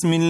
بسم الله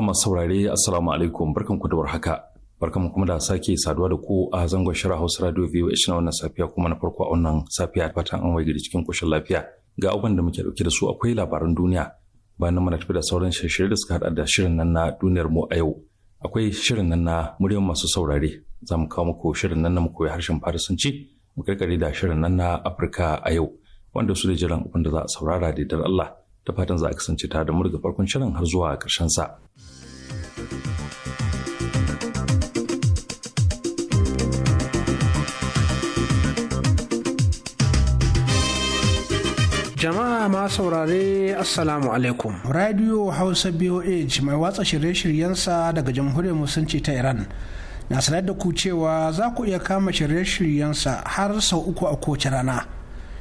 jama'a masu saurare assalamu alaikum barkan ku da warhaka barkan kuma da sake saduwa da ku a zangon shirin Hausa Radio a cikin wannan safiya kuma na farko a wannan safiya fatan an waye gari cikin koshin lafiya ga abubuwan da muke dauke da su akwai labaran duniya bayan mana tafi da sauran shirye da suka hada da shirin nan na duniyar mu a yau akwai shirin nan na muryar masu saurare za mu kawo muku shirin nan na mu koyi harshen farisanci mu karkare da shirin nan na Afirka a yau wanda su da jiran abin da za a saurara da Allah da fatan za a kasance ta da murga farkon shirin har zuwa ƙarshen sa. Jama'a ma saurare Assalamu alaikum. Radio Hausa BOH mai watsa shirye-shiryensa daga Jamhuriyar Musulunci ta Iran. Na sanar da ku cewa za ku iya kama shirye-shiryensa har sau uku a kowace rana.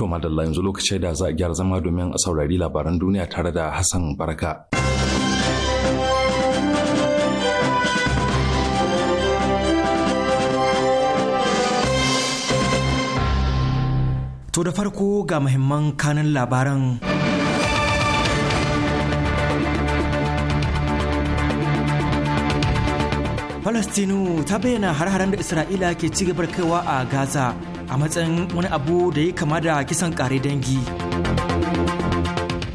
To madalla yanzu lokacin da za a gyara zama domin a saurari labaran duniya tare da Hassan Barka. To da farko ga muhimman kanin labaran. Falastinu ta bayyana har da Isra'ila ke ci gabar kaiwa a Gaza. a matsayin wani abu da ya kama da kisan kare dangi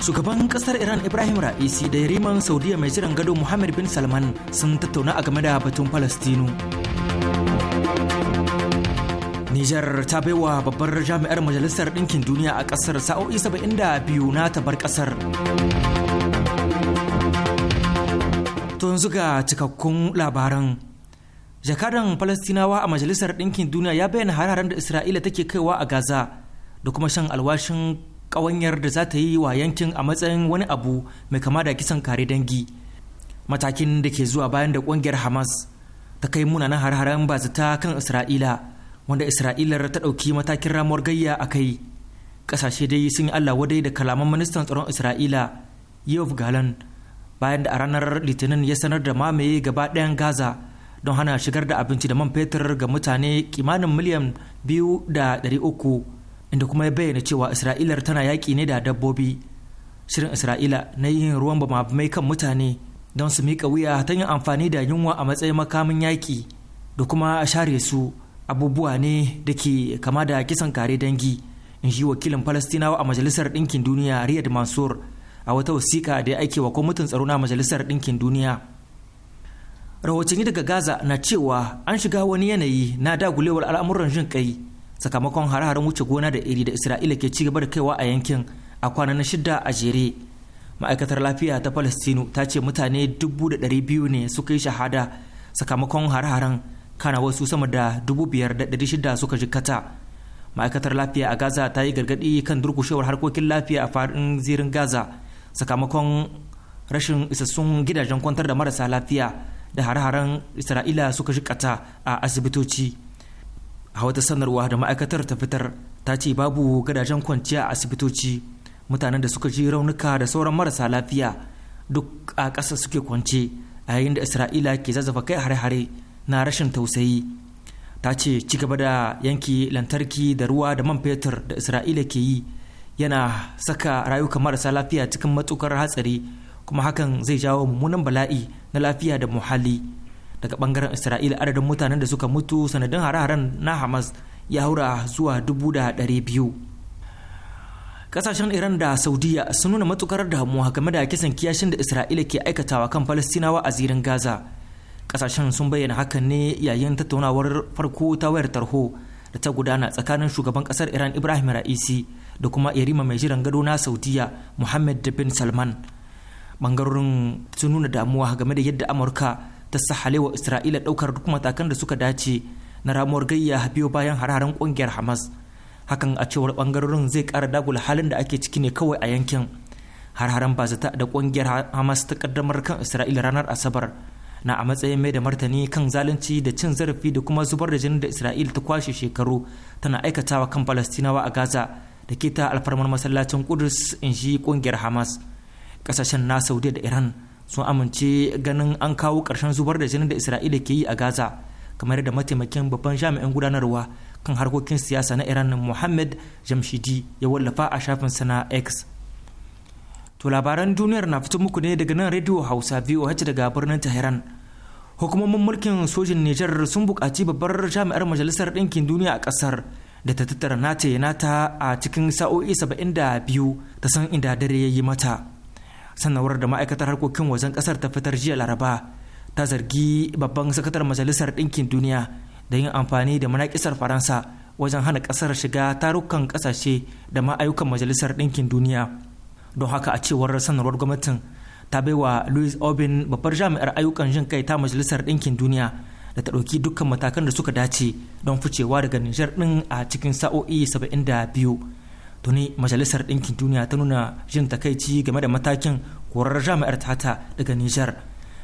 shugaban kasar iran ibrahim ra'isi da yariman saudiya mai jiran gado muhammad bin salman sun tattauna a game da batun falastinu nijar ta baiwa babbar jami'ar majalisar ɗinkin duniya a ƙasar sa'o'i 72 na tabar ƙasar to yanzu ga cikakkun labaran jakadan falastinawa a majalisar ɗinkin duniya ya bayyana hararen da isra'ila take kaiwa a gaza da kuma shan alwashin ƙawanyar da za ta yi wa yankin a matsayin wani abu mai kama da kisan kare dangi matakin da ke zuwa bayan da ƙungiyar hamas ta kai munanan hararen bazata kan isra'ila wanda isra'ilar ta ɗauki matakin ramuwar gayya a kai ƙasashe dai sun yi allah wadai da kalaman ministan tsaron isra'ila yov galan bayan da a ranar litinin ya sanar da mamaye gaba ɗayan gaza don hana shigar da abinci da man fetur ga mutane kimanin miliyan biyu da ɗari uku inda kuma ya bayyana cewa isra'ilar tana yaƙi ne da dabbobi shirin isra'ila na yin ruwan ba mai kan mutane don su miƙa wuya ta yin amfani da yunwa a matsayin makamin yaƙi da kuma share su abubuwa ne da ke kama da kisan kare dangi in ji wakilin falastinawa a majalisar ɗinkin duniya riyad mansur a wata wasiƙa da ya aike wa kwamitin tsaro na majalisar ɗinkin duniya rahotanni daga gaza na cewa an shiga wani yanayi na dagulewar al'amuran jin kai sakamakon hare-haren wuce gona da iri da isra'ila ke cigaba da kaiwa a yankin a kwanan shida a jere ma'aikatar lafiya ta Palestino ta ce mutane biyu ne suka yi shahada sakamakon hare-haren kana wasu sama da shida suka jikkata ma'aikatar lafiya a gaza ta yi gargaɗi kan durkushewar harkokin lafiya a faɗin zirin gaza sakamakon rashin isassun gidajen kwantar da marasa lafiya da hare-haren isra'ila suka shikata a asibitoci a wata sanarwa da ma'aikatar ta fitar ta ce babu gadajen kwanciya a asibitoci mutanen da suka ji raunuka da sauran marasa lafiya duk a ƙasa suke kwance a yayin da isra'ila ke zazzafa kai hare-hare na rashin tausayi ta ce ci gaba da yanki lantarki da ruwa da man fetur da isra'ila ke yi yana saka rayuka marasa lafiya cikin matukar hatsari kuma hakan zai jawo mummunan bala'i na lafiya da muhalli daga bangaren isra'ila adadin mutanen da suka mutu sanadin hare-haren na hamas ya haura zuwa dubu da biyu kasashen iran da saudiya sun nuna matukar damuwa game da kisan kiyashin da isra'ila ke aikatawa kan falastinawa a zirin gaza kasashen sun bayyana hakan ne yayin tattaunawar farko ta wayar tarho da ta gudana tsakanin shugaban kasar iran ibrahim ra'isi da kuma yarima mai jiran gado na saudiya muhammad bin salman bangarorin sun nuna damuwa game da yadda amurka ta sahalewa isra'ila daukar duk matakan da suka dace na ramuwar gayya biyo bayan hararen kungiyar hamas hakan a cewar bangarorin zai kara dagula halin da ake ciki ne kawai a yankin hararen bazata da kungiyar hamas ta kaddamar kan isra'ila ranar asabar na a matsayin mai da martani kan zalunci da cin zarafi da kuma zubar da jinin da isra'ila ta kwashe shekaru tana aikatawa kan falastinawa a gaza da ke ta alfarmar masallacin kudus in shi kungiyar hamas kasashen na saudiya da iran sun amince ganin an kawo karshen zubar da jinin da isra'ila ke yi a gaza kamar da mataimakin babban jami'in gudanarwa kan harkokin siyasa na iran muhammad jamshidi ya wallafa a shafin sana x to labaran duniyar na fito muku ne daga nan radio hausa voh daga birnin tehran hukumomin mulkin sojin niger sun buƙaci babbar jami'ar majalisar ɗinkin duniya a ƙasar da ta tattara nata ya nata a cikin sa'o'i 72 ta san inda dare ya yi mata sanarwar da ma'aikatar harkokin wajen kasar ta fitar jiya laraba ta zargi babban sakatar majalisar ɗinkin duniya da yin amfani da manakisar faransa wajen hana kasar shiga tarukan kasashe da ma'ayukan majalisar ɗinkin duniya don haka a cewar sanarwar gwamnatin ta wa louis obin babbar jami'ar ayyukan jin kai ta majalisar ɗinkin duniya da ta ɗauki dukkan matakan da suka dace don ficewa daga Nijar ɗin a cikin sa'o'i 72 tuni majalisar ɗinkin duniya ta nuna jin takaici game da matakin korar jami'ar tata daga nijar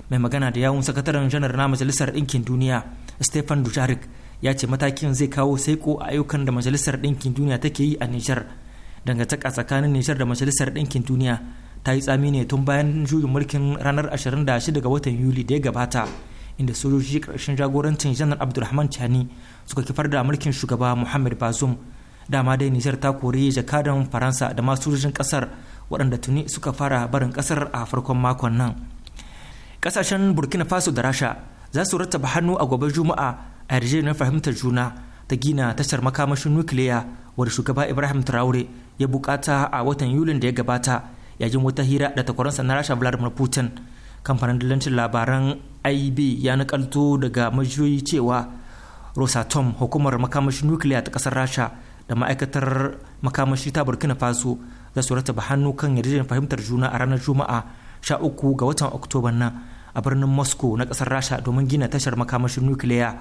mai magana da yawun sakataren janar na majalisar ɗinkin duniya stefan dujarik ya ce matakin zai kawo saiko a ayyukan da majalisar ɗinkin duniya take yi a nijar dangantaka tsakanin nijar da majalisar ɗinkin duniya ta yi tsami ne tun bayan juyin mulkin ranar 26 ga watan yuli da ya gabata inda sojoji ƙarshen jagorancin janar abdulrahman chani suka kifar da mulkin shugaba muhammad bazoum dama dai nijar ta kori jakadan faransa da masu sojojin kasar waɗanda tuni suka fara barin kasar a farkon makon nan kasashen burkina faso da rasha za su rattaba hannu a gobe juma'a a yarjejeniyar fahimtar juna ta gina tashar makamashin nukiliya wadda shugaba ibrahim traore ya bukata a watan yulin da ya gabata yayin wata hira da takwaransa na rasha vladimir putin kamfanin dalilancin labaran ib ya nakalto daga majiyoyi cewa rosatom hukumar makamashin nukiliya ta kasar rasha da ma'aikatar makamashi ta burkina faso za su rataba hannu kan yarjejeniyar fahimtar juna a ranar juma'a 13 ga watan oktoba nan a birnin moscow na kasar rasha domin gina tashar makamashin nukiliya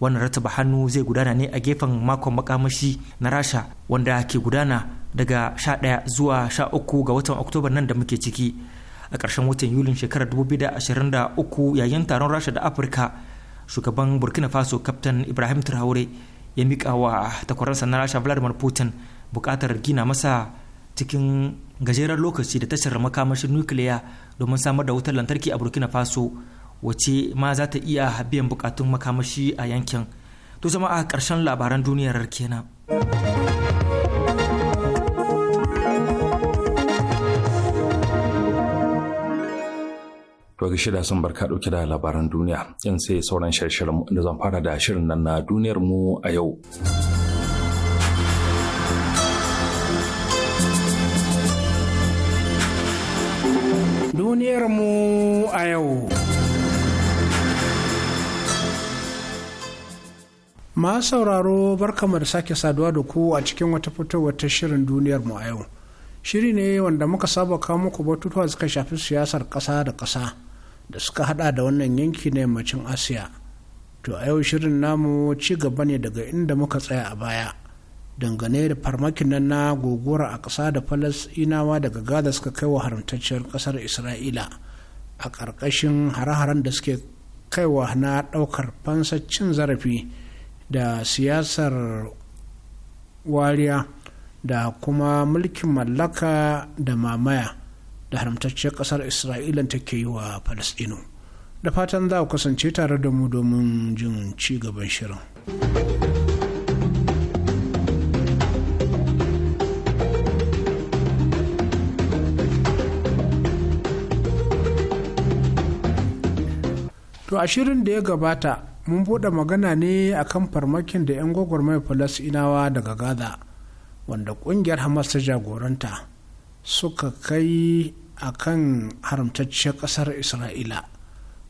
wannan rataba hannu zai gudana ne a gefen makon makamashi na rasha wanda ke gudana daga 11 zuwa 13 ga watan oktoba nan da muke ciki a ƙarshen watan yulin shekarar da uku yayin taron rasha da afirka shugaban burkina faso kaptan ibrahim traore ya miƙa wa takwarar na rasha vladimir putin bukatar gina masa cikin gajeren lokaci da tashar makamashin nukiliya domin samar da wutar lantarki a burkina faso wace ma za ta iya biyan bukatun makamashi a yankin to zama a karshen labaran duniyar kenan. To shida sun barka ɗauki da labaran duniya in sai sauran shirin da zan fara da shirin nan na duniyar mu a yau. Duniyar mu a yau. Ma sauraro barkamu da sake saduwa da ku a cikin wata fitowar ta shirin duniyar mu a yau. Shiri ne wanda muka saba kawo muku batutuwa suka shafi siyasar ƙasa da ƙasa. da suka hada da wannan yanki na yammacin asiya to a yau shirin namu ci gaba ne daga inda muka tsaya a baya dangane da farmakin nan na gogora a ƙasa da falasinawa daga gaza suka kai wa haramtacciyar ƙasar isra'ila a ƙarƙashin hare-haren da suke kaiwa na ɗaukar fansaccin cin zarafi da siyasar wariya da kuma mulkin mallaka da mamaya da haramtacciyar kasar isra'ila take yi wa falasɗinu da fatan za ku kasance tare da mu domin jin ci gaban shirin to a shirin da ya gabata mun bude magana ne akan farmakin da 'yan gwagwarmaya falasinawa daga gaza wanda kungiyar hamas ta jagoranta suka kai a kan haramtacciyar ƙasar isra'ila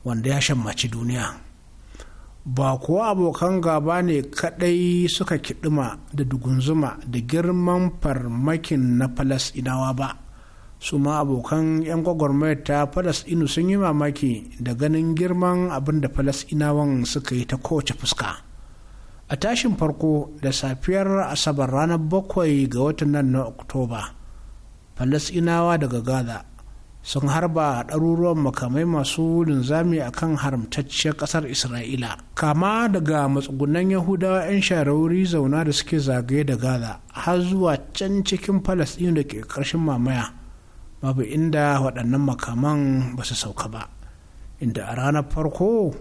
wanda ya shammaci duniya ba kuwa abokan gaba ne kaɗai suka kiɗima da dugunzuma da girman farmakin na falasɗinawa ba su ma abokan 'yan gwagwarmayar ta falasɗinu sun yi mamaki da ganin girman abin da falasɗinawan suka yi ta kowace fuska a tashin farko da safiyar asabar ranar bakwai ga watan nan na oktoba falasinawa daga gaza sun harba ɗaruruwan makamai masu linzami a kan haramtacciyar ƙasar isra'ila kama daga matsugunan yahudawa 'yan sharauri zauna da suke zagaye da gaza har zuwa can cikin falasɗinu da ke ƙarshen mamaya babu inda waɗannan makaman ba su sauka ba inda a ranar farko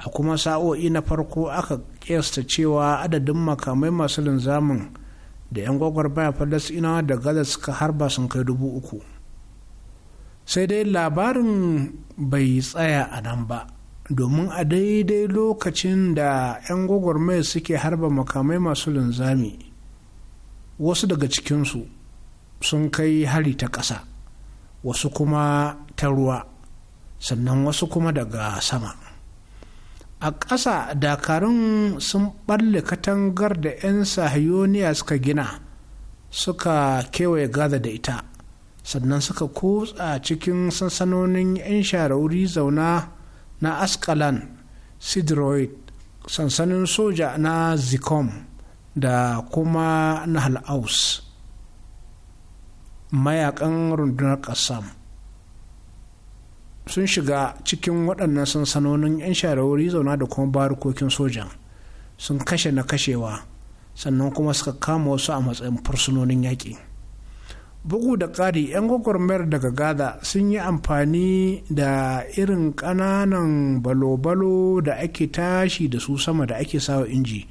a kuma sa'o'i na farko aka kiyasta cewa adadin makamai masu linzamin da 'yan gwagwarmaya falasɗinawa da gaza suka harba sun kai dubu uku sai dai labarin bai tsaya a nan ba domin a daidai lokacin da 'yan mai suke harba makamai masu linzami wasu daga cikinsu sun kai hari ta ƙasa wasu kuma ta ruwa sannan wasu kuma daga sama a ƙasa dakarun sun ɓalle katangar da 'yan sahiyoniya suka gina suka kewaye gaza da ita sannan suka kutsa cikin sansanonin 'yan sharauri zauna na askalan sidroid sansanin soja na zikom da kuma na halaus mayakan rundunar ƙasam sun shiga cikin waɗannan sansanonin 'yan shawarwari zauna da kuma barukokin sojan sun kashe na kashewa sannan kuma suka kama wasu a matsayin fursunonin yaƙi bugu da ƙari 'yan gwagwarmayar daga gaza sun yi amfani da irin ƙananan balo-balo da ake tashi da su sama da ake sawa inji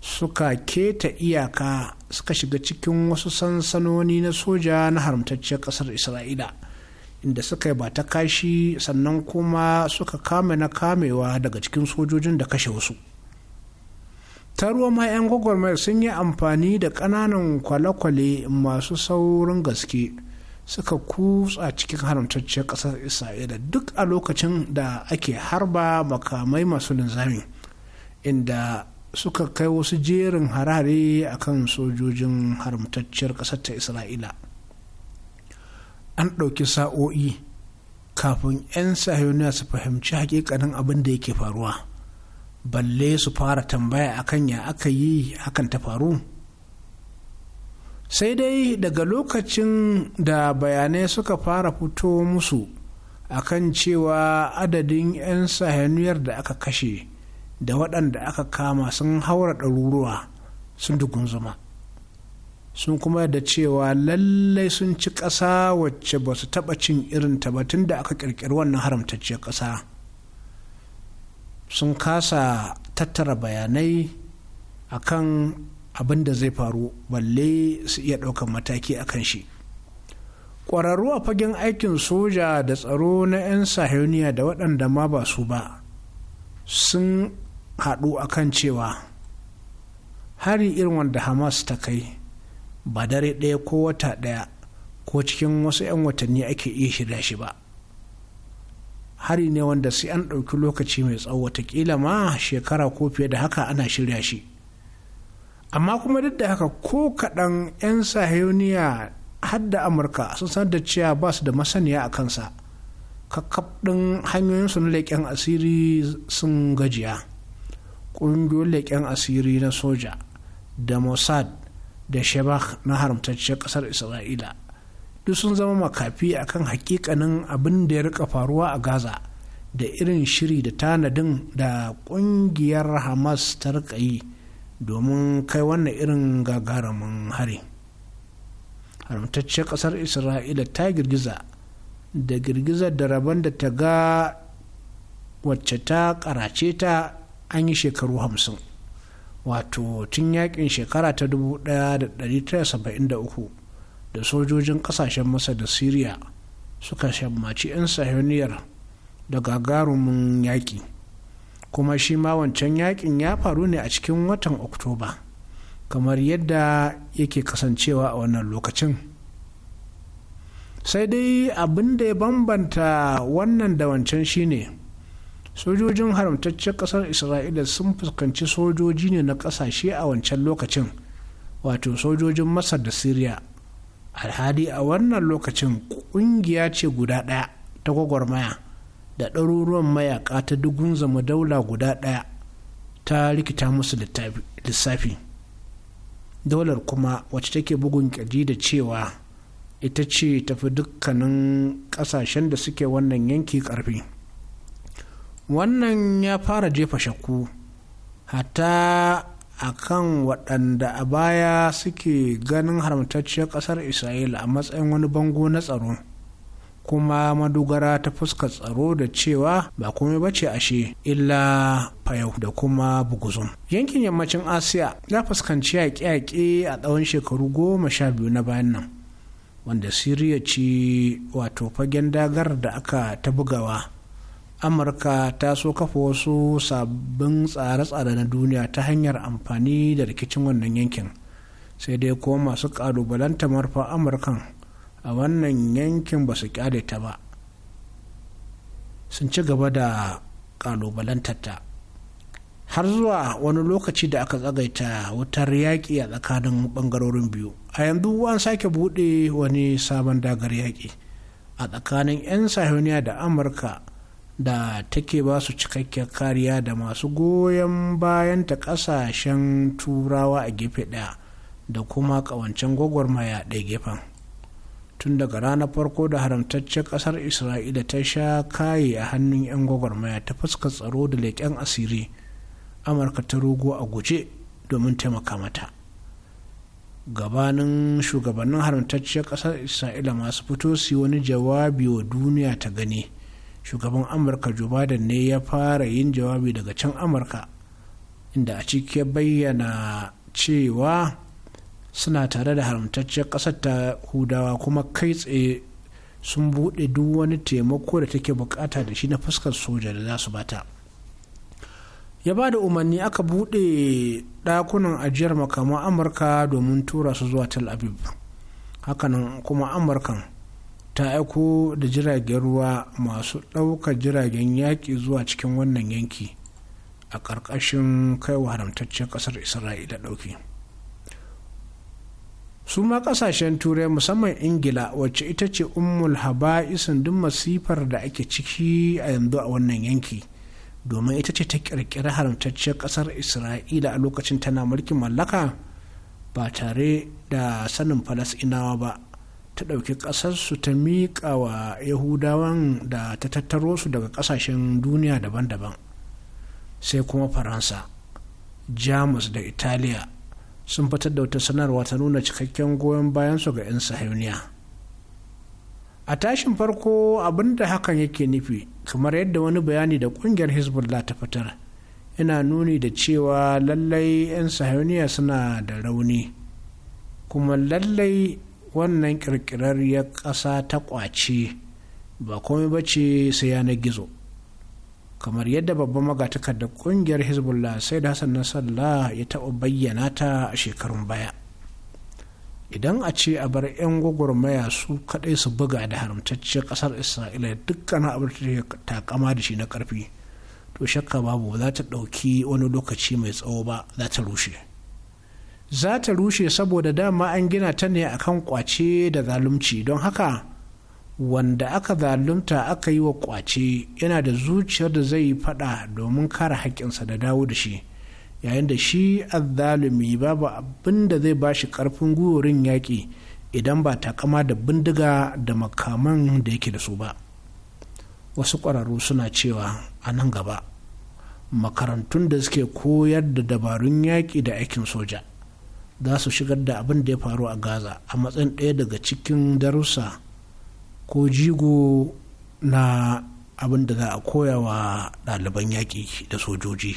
suka keta iyaka suka shiga cikin wasu sansanoni na soja na haramtacciyar ƙasar isra'ila inda suka yi ba ta kashi sannan kuma suka kame na kamewa daga cikin sojojin da kashe wasu ta ruwa ma 'yan gwagwarmayar sun yi amfani da kananan kwale-kwale masu saurin gaske suka kutsa cikin haramtacciyar ƙasar isra'ila duk a lokacin da ake harba makamai masu linzami inda suka kai wasu jerin harare akan sojojin haramtacciyar ƙasar ta isra'ila an ɗauki sa'o'i kafin 'yan sahiyoniya su fahimci hakikanin abin da yake faruwa balle su fara tambaya akan ya aka yi hakan ta faru sai dai daga lokacin da bayanai suka fara fito musu akan cewa adadin 'yan sahaniyar da aka kashe da waɗanda aka kama sun haura ɗaruruwa sun dugun zuma sun kuma da cewa lallai sun ci ƙasa wacce ba su taɓa cin irin tun da aka ƙirƙiri wannan haramtacciyar ƙasa sun kasa tattara bayanai a kan abin da zai faru balle su iya ɗaukar mataki a kan shi ƙwararru a fagen aikin soja da tsaro na 'yan sahiyoniya da waɗanda ma ba su ba sun haɗu kan cewa hari irin wanda hamas ta kai ba dare ɗaya ko wata ɗaya ko cikin wasu 'yan watanni ake iya shirya shi ba hari ne wanda sai an ɗauki lokaci mai tsawo watakila ma shekara ko fiye da haka ana shirya shi amma kuma duk da haka ko kaɗan 'yan sahiyoniya har da amurka sun sanar da cewa ba su da masaniya a kansa kakkaf ɗin hanyoyinsu na leƙen asiri sun gajiya ƙungiyoyin leƙen asiri na soja da mossad da shabak na haramtacciyar ƙasar isra'ila duk sun zama makafi akan hakikanin abin da ya rika faruwa a gaza da irin shiri da tanadin da ƙungiyar hamas ta rika yi domin kai wannan irin gagaramin hari Haramtacciyar ƙasar isra'ila ta girgiza da girgizar da rabon da ta ga wacce ta karace ta an yi shekaru hamsin wato tun yakin shekara ta 1973 da sojojin kasashen masa da syria suka shammaci 'yan sahiyoniyar da gagarumin yaƙi kuma shi ma wancan yakin ya faru ne a cikin watan oktoba kamar yadda yake kasancewa a wannan lokacin sai dai abin da ya bambanta wannan da wancan shine sojojin haramtaccen kasar isra'ila sun fuskanci sojoji ne na kasashe a wancan lokacin wato sojojin masar da syria alhali a wannan lokacin kungiya ce guda daya ta gwagwarmaya da ɗaruruwan mayaka ta dugun zama daula guda daya ta rikita musu lissafi daular kuma wacce take bugun kirji da cewa ita ce tafi dukkanin ƙasashen da suke wannan yanki ƙarfi. wannan ya fara jefa shakku hatta a kan waɗanda a baya suke ganin haramtacciyar ƙasar isra'ila a matsayin wani bango na tsaro kuma madogara ta fuska tsaro da cewa ba komai ba ce ashe illa fayau da kuma buguzun yankin yammacin asiya ya fuskanci yaƙe-yaƙe a tsawon shekaru goma sha biyu na bayan nan wanda siriya ce wato fagen dagar da aka ta bugawa amurka ta so kafa wasu sabbin tsare-tsare na duniya ta hanyar amfani da rikicin wannan yankin sai dai kuma masu ƙalubalanta marfa amurkan a wannan yankin ba su kyale ta ba sun ci gaba da ƙalubalantarta har zuwa wani lokaci da aka tsagaita wutar yaƙi a tsakanin ɓangarorin biyu a yanzu an sake buɗe wani sabon dagar yaƙi a tsakanin 'yan sahuniya da amurka da take ba su cikakken kariya da masu goyon bayan ta kasashen turawa a gefe ɗaya da kuma ƙawancen gwagwarmaya ɗaya gefen tun daga ranar farko da haramtaccen ƙasar isra'ila ta sha kaye a hannun 'yan gwagwarmaya ta fuska tsaro da leƙen asiri amurka ta rugo a guje domin taimaka mata gabanin shugabannin haramtacciyar ƙasar isra'ila masu fito su wani jawabi wa duniya ta gani shugaban amurka joe biden ne ya fara yin jawabi daga can amurka inda a ciki ya bayyana cewa suna tare da haramtacciyar ƙasar ta hudawa kuma kai tsaye sun buɗe duk wani taimako da take bukata da shi na fuskar soja da za su bata ya ba da umarni aka buɗe ɗakunan ajiyar makaman amurka domin tura su zuwa tel aviv hakanan kuma amurkan ta aiko da jiragen ruwa masu ɗaukar jiragen yaƙi zuwa cikin wannan yanki a ƙarƙashin kaiwa haramtaccen ƙasar isra'ila ɗauki su ma ƙasashen turai musamman ingila wacce ita ce ummul haba'isin duk masifar da ake ciki a yanzu a wannan yanki domin ita ce ta ƙirƙiri haramtaccen ƙasar isra'ila a lokacin tana mulkin mallaka ba tare da sanin falasɗinawa ba ta ɗauki ƙasarsu ta miƙa wa yahudawan da ta tattaro su daga ƙasashen duniya daban-daban sai kuma faransa jamus da italiya sun fitar da wata sanarwa ta nuna cikakken goyon bayansu ga 'yan sahauniya. a tashin farko abinda hakan yake nufi kamar yadda wani bayani da kungiyar hezbollah ta fitar yana nuni da cewa lallai 'yan sahiyoniya suna da rauni kuma lallai wannan ya ƙasa ta ƙwace ba komai ba ce sai yanar gizo kamar yadda babban magatakar da ƙungiyar hezbollah sai da hassan nasarallah ya taɓa bayyana ta a shekarun baya idan a ce a bar 'yan gwagwarmaya su kaɗai su buga da haramtacciyar ƙasar isra'ila dukkan abin da ta takama da shi na ƙarfi to shakka babu za ta ɗauki wani lokaci mai tsawo ba za ta rushe za ta rushe saboda dama an gina ta ne a kan kwace da zalunci don haka wanda aka zalunta aka yi wa kwace yana da zuciyar da zai yi fada domin kare haƙƙinsa da dawo da shi yayin da shi azzalumi babu abin da zai shi ƙarfin gurin yaƙi idan ba ta takama da bindiga da makaman da yake da su ba wasu ƙwararru suna cewa a nan gaba makarantun da suke koyar da dabarun yaƙi da aikin soja za su shigar da abin da ya faru a gaza a matsayin ɗaya daga cikin darussa ko jigo na abin da za a koya wa ɗaliban yaƙi da sojoji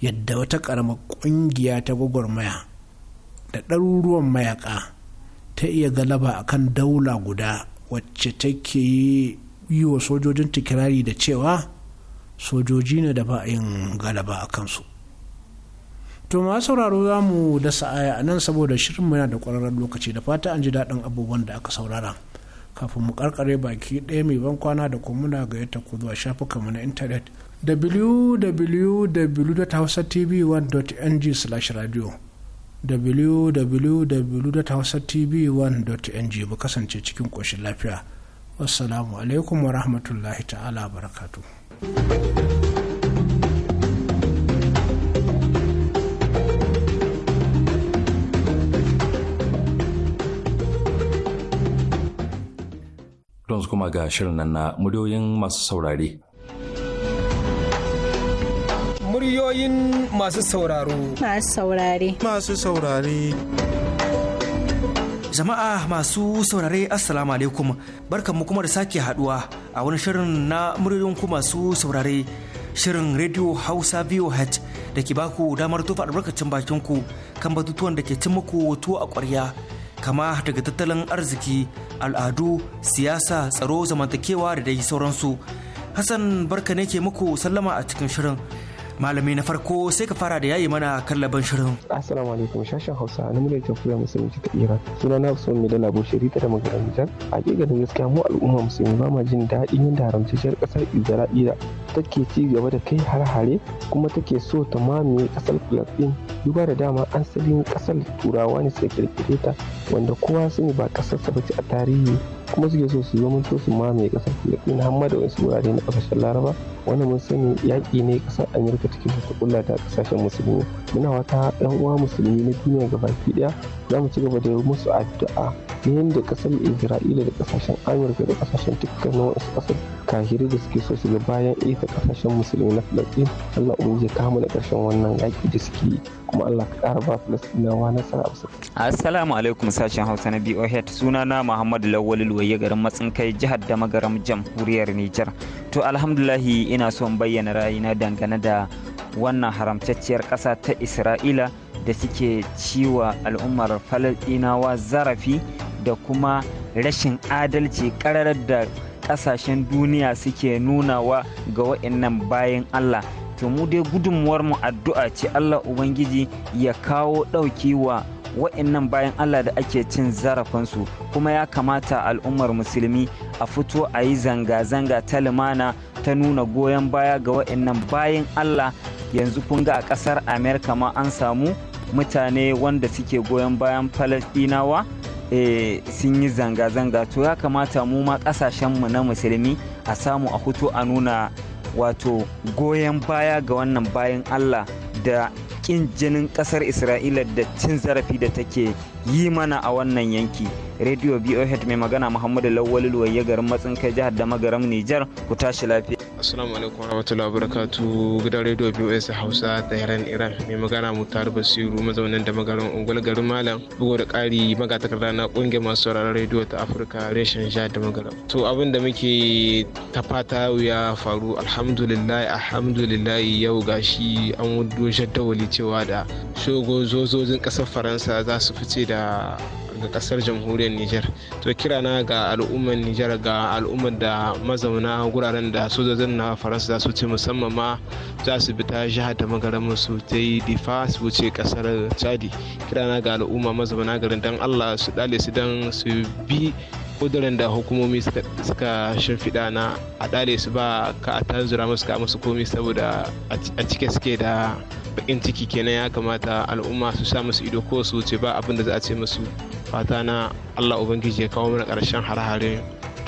yadda wata ƙaramar ƙungiya ta gwagwarmaya da ɗaruruwan mayaƙa ta iya galaba akan daula guda wacce take yi wa sojojin tikirari da cewa sojoji ne da ba a yin galaba a kansu To ma sauraro za mu da sa'aya nan saboda shirin yana da ƙwararren lokaci da fata an ji daɗin abubuwan da aka saurara. Kafin mu karkare baki ɗaya mai ban kwana da kuma muna ga yadda ku zuwa shafukanmu na intanet www.hausatv1.ng/radio www.hausatv1.ng mu kasance cikin koshin lafiya. Wassalamu alaikum wa rahmatullahi ta'ala barakatu. yanzu kuma ga shirin nan na muryoyin masu saurare. Muryoyin masu sauraro. Masu saurare. Masu saurare. Jama'a masu saurare Assalamu alaikum barkanmu kuma da sake haduwa a wani shirin na muryoyin ku masu saurare shirin Radio Hausa VOH da ke baku damar tufa albarkacin bakinku kan batutuwan da ke cin muku tuwo a ƙwarya kama daga tattalin arziki al'adu siyasa tsaro zamantakewa da dai sauransu hassan barka ne ke muku sallama a cikin shirin malami na farko sai ka fara da yayi mana kallaban shirin assalamu alaikum shashin hausa na muryar kuya musulunci ta iran suna na usman mai dala da ta daga nijar hakika ganin gaskiya mu al'umma musulmi ba ma jin daɗin yadda haramtacciyar ƙasar isra'ila take ci gaba da kai harhare hare kuma take so ta mamaye ƙasar filastin duba da dama an salin ƙasar turawa ne sai kirkire ta wanda kowa sani ba kasarsa ba ce a tarihi kuma suke so su zamanto su mamaye kasar filipin na da wasu wurare na kasashen laraba wanda mun sani yaƙi ne kasar amurka take ta kulla ta kasashen musulmi muna wata yan uwa musulmi na duniya ga baki ɗaya za mu ci gaba da musu addu'a na yadda kasar isra'ila da ƙasashen amurka da kasashen na wasu ƙasar kahirai da suke so su ga bayan ita ƙasashen musulmi na filastin allah umu ya kama da ƙarshen wannan yaƙi da suke kuma allah ka ƙara ba filastinawa sana'a. a assalamu alaikum sashen hausa na boh suna na muhammadu lawal waye garin matsin jihar damagaram jamhuriyar nijar to alhamdulahi ina son bayyana ra'ayina dangane da wannan haramtacciyar ƙasa ta isra'ila da suke ciwa al'ummar falastinawa zarafi da kuma rashin adalci ƙararar da ƙasashen duniya suke nunawa ga wa'annan bayan allah to mu dai gudunmuwar mu addu'a ce allah ubangiji ya kawo ɗauki wa wa'annan bayan Allah da ake cin zarafinsu kuma ya kamata al'ummar musulmi a fito a yi zanga-zanga ta limana ta nuna goyon baya ga wa'annan bayan Allah yanzu kun ga a ƙasar amerika ma an samu mutane wanda suke goyon bayan falasɗinawa eh, sun yi zanga-zanga to ya kamata mu ma ƙasashenmu na musulmi a samu a hutu a nuna wato goyon baya ga wannan bayan allah da ƙin jinin ƙasar isra'ila da cin zarafi da take yi mana a wannan yanki radio boh mai magana muhammadu lawal luwayye garin matsin kai jihar da nijar ku tashi lafiya assalamu alaikum warahmatullahi wabarakatuh gidan radio boh hausa ta yaran iran mai magana mutar basiru mazaunin da magaran ungul garin malam bugu da ƙari magatakarda na ƙungiyar masu sauraron radio ta afirka reshen jihar da magaram to abin da muke ta fata ya faru alhamdulillah alhamdulillah yau gashi an wudo jaddawali cewa da shogo zozozin ƙasar faransa za su fice da da ga kasar jamhuriyar Nijar. To kirana ga al'ummar Nijar ga al'ummar da mazauna guraren da sojojin na Faransa za su ce musamman ma za su bi ta jihar da magaran su ta yi difa su wuce kasar Chadi. Kirana ga al'umma mazauna garin dan Allah su dale su dan su bi kudurin da hukumomi suka shimfiɗa na a dale su ba ka a tanzura musu ka musu komi saboda a cike suke da bakin ciki kenan ya kamata al'umma su sa musu ido ko su wuce ba abin da za a ce musu fata na allah ubangiji ya kawo mana ƙarshen hare-hare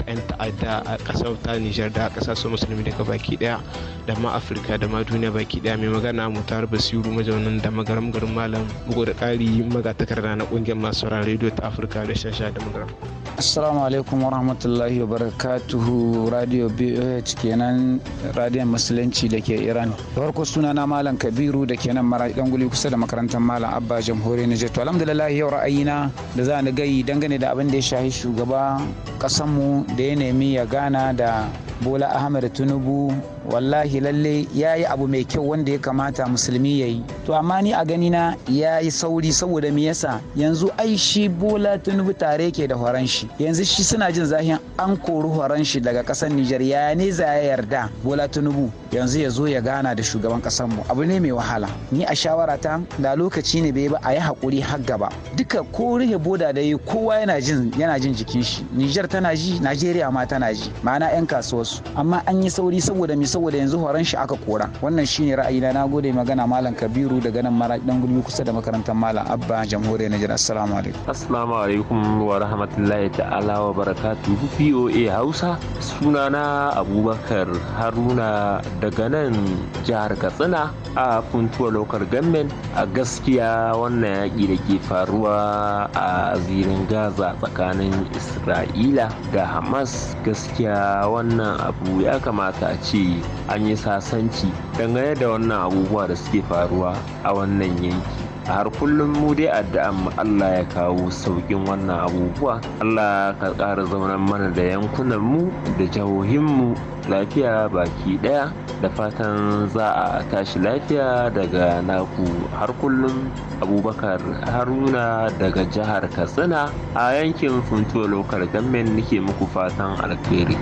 'yan ta'adda a kasar ta nijar da ƙasashen musulmi daga baki daya da ma afirka da ma duniya baki daya mai magana mutar basiru mazaunin da magaram garin malam bugu da ƙari magatakarda na ƙungiyar masu rediyo ta afirka da shasha da magaram. assalamu alaikum wa rahmatullahi wa barakatuhu radio boh kenan radiyon musulunci da ke iran farko suna na malam kabiru da nan mara dan guli kusa da makarantar malam abba jamhuriyar nijar to alhamdulillah yau ra'ayina da za ni gayi dangane da abin da ya shahi shugaba kasanmu da ya nemi ya gana da bola ahmed tinubu wallahi lalle ya yi abu mai kyau wanda ya kamata musulmi ya yi to amma ni a ganina ya yi sauri saboda me yasa yanzu ai shi bola tinubu tare ke da horon shi yanzu shi suna jin zahin an kori horon shi daga kasar nijar ya ne za ya yarda bola tinubu yanzu ya zo ya gana da shugaban kasar mu abu ne mai wahala ni a shawara ta da lokaci ne bai ba a yi hakuri har gaba duka ko rihe boda da yi kowa yana jin yana jin jikin shi nijar tana ji najeriya ma tana ji ma'ana 'yan kasuwarsu amma an yi sauri saboda mi saboda yanzu horon shi aka kora wannan shine ra'ayina na gode magana malam kabiru daga nan mara dan kusa da makarantar malam abba jamhuriyar nijar assalamu alaikum assalamu alaikum wa rahmatullahi ta'ala wa barakatuh POA hausa sunana abubakar haruna daga nan jihar katsina a funtuwa local government a gaskiya wannan yaƙi da ke faruwa a zirin gaza tsakanin isra'ila da hamas mas gaskiya wannan abu ya kamata a ce an yi sasanci dangane da wannan abubuwa da suke faruwa a wannan yanki har kullum mu dai addu'an mu Allah ya kawo saukin wannan abubuwa Allah ka ƙara zaunan mana da yankunan mu da jihohin mu lafiya baki ɗaya, da fatan za a tashi lafiya daga naku har kullum abubakar haruna daga jihar katsina a yankin funtuwa lokal gamen nake muku fatan alheri.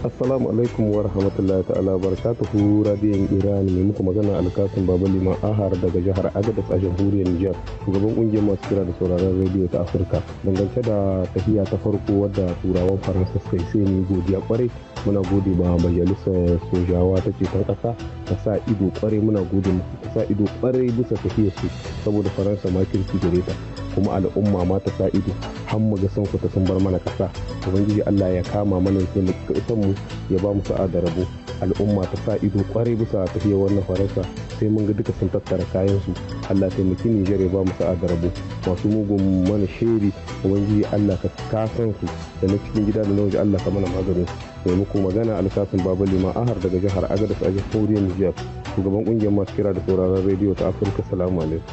Assalamu alaikum wa rahmatullahi ta'ala barakatuhu radiyon Iran mai muku magana alkasin Baba Liman Ahar daga jihar Agadez a jamhuriyar Nijar shugaban ƙungiyar masu kira da sauraron rediyo ta Afirka dangance da tafiya ta farko wadda turawan Faransa suka yi sai ni godiya kwarai muna gode ba majalisar sojawa ta ceton kasa ta sa ido kwarai muna gode ta sa ido kwarai bisa tafiyar su saboda Faransa ma kirki gare ta kuma al'umma ma ta sa ido har mu ga sun ta sun bar mana ƙasa ubangiji Allah ya kama mana sai mu isan mu ya ba mu sa'a da rabo al'umma ta sa ido kwarai bisa tafiya wannan faransa sai mun ga duka sun tattara kayan su Allah taimaki Nijar ya ba mu sa'a da rabo masu mugun mana shiri ubangiji Allah ka kasan su da na cikin gida da na waje Allah ka mana maganin mai muku magana alkafin baba lima ahar daga jihar agadas a jamhuriyar Nijar shugaban kungiyar masu kira da sauraron rediyo ta Afirka salamu alaikum